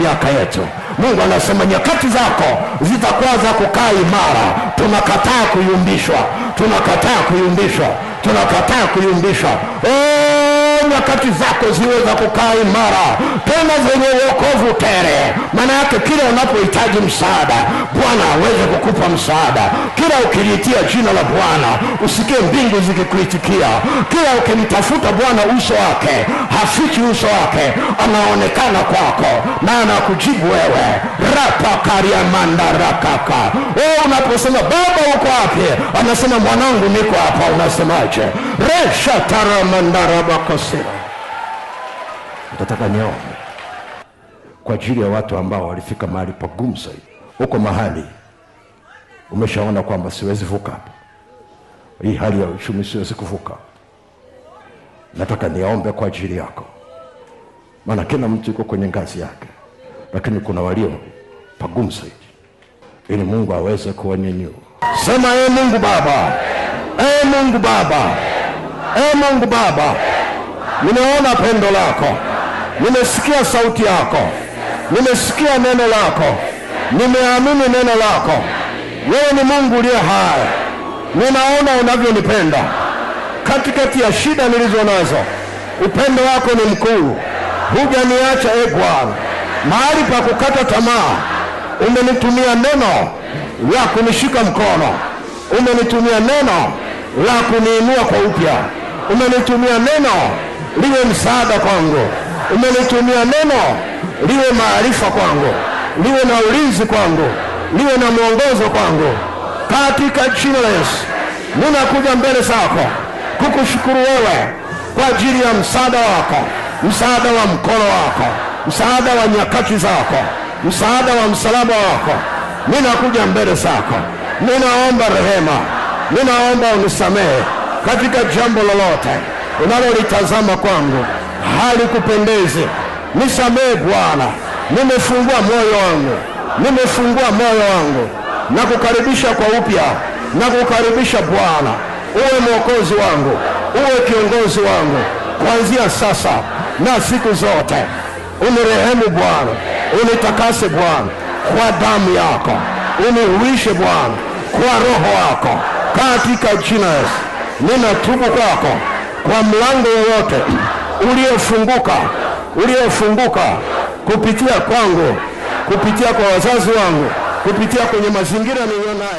miaka yetu. Mungu anasema nyakati zako zitakuwa za kukaa imara. Tunakataa kuyumbishwa, tunakataa kuyumbishwa, tunakataa kuyumbishwa. Hey! Oh! harakati zako ziwe za kukaa imara, tena zenye uokovu tele. Maana yake kila unapohitaji msaada, Bwana aweze kukupa msaada. Kila ukiliitia jina la Bwana usikie mbingu zikikuitikia. Kila ukimtafuta Bwana uso wake, hafichi uso wake, anaonekana kwako na anakujibu wewe. rapakariamandarakaka wewe unaposema Baba uko wapi? Anasema mwanangu, niko hapa. Unasemaje? reshataramandarabakasira Utataka niombe kwa ajili ya watu ambao walifika mahali pagumu zaidi. Huko mahali umeshaona kwamba siwezi vuka hii hali ya uchumi siwezi kuvuka. Nataka niombe kwa ajili yako, maana kila mtu yuko kwenye ngazi yake, lakini kuna walio pagumu zaidi, ili Mungu aweze kuwanyanyua. Sema ee Mungu Baba, ee Mungu Baba, ee Mungu Baba, nimeona pendo lako nimesikia sauti yako, nimesikia neno lako, nimeamini neno lako. Wewe ni Mungu uliye hai, ninaona unavyonipenda katikati ya shida nilizo nazo. Upendo wako ni mkuu, hujaniacha e Bwana. Mahali pa kukata tamaa, umenitumia neno la kunishika mkono, umenitumia neno la kuniinua kwa upya, umenitumia neno liwe msaada kwangu umelitumia neno liwe maarifa kwangu, liwe na ulinzi kwangu, liwe na mwongozo kwangu, katika jina la Yesu. Ninakuja mbele zako kukushukuru wewe kwa ajili ya msaada wako, msaada wa mkono wako, msaada wa nyakati zako, msaada wa msalaba wako. Ninakuja mbele zako, ninaomba rehema, ninaomba unisamehe katika jambo lolote unalolitazama kwangu halikupendezi. Nisamehe Bwana, nimefungua moyo wangu, nimefungua moyo wangu na kukaribisha kwa upya, na kukaribisha Bwana, uwe mwokozi wangu, uwe kiongozi wangu kuanzia sasa na siku zote. Unirehemu Bwana, unitakase Bwana kwa damu yako, unihuishe Bwana kwa roho yako, katika jina Yesu ninatubu kwako kwa mlango wowote uliofunguka uliofunguka kupitia kwangu, kupitia kwa wazazi wangu, kupitia kwenye mazingira niliona